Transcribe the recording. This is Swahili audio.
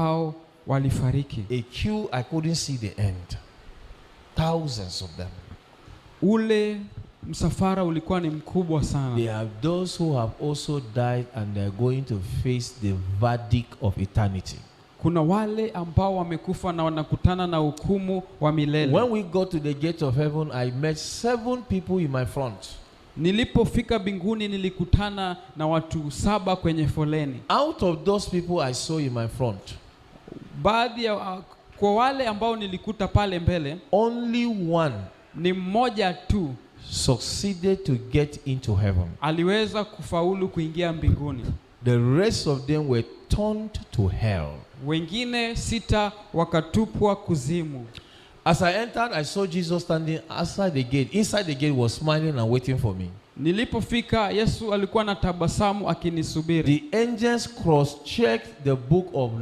hao walifariki. A queue I couldn't see the end. Thousands of them. Ule msafara ulikuwa ni mkubwa sana. There are those who have also died and they are going to face the verdict of eternity. Kuna wale ambao wamekufa na wanakutana na hukumu wa milele. When we go to the gate of heaven, I met seven people in my front. Nilipofika binguni nilikutana na watu saba kwenye foleni. Out of those people I saw in my front baadhi ya kwa wale ambao nilikuta pale mbele only one ni mmoja tu succeeded to get into heaven aliweza kufaulu kuingia mbinguni the rest of them were turned to hell wengine sita wakatupwa kuzimu as i entered i saw jesus standing outside the gate inside the gate was smiling and waiting for me nilipofika yesu alikuwa na tabasamu akinisubiri the angels cross checked the book of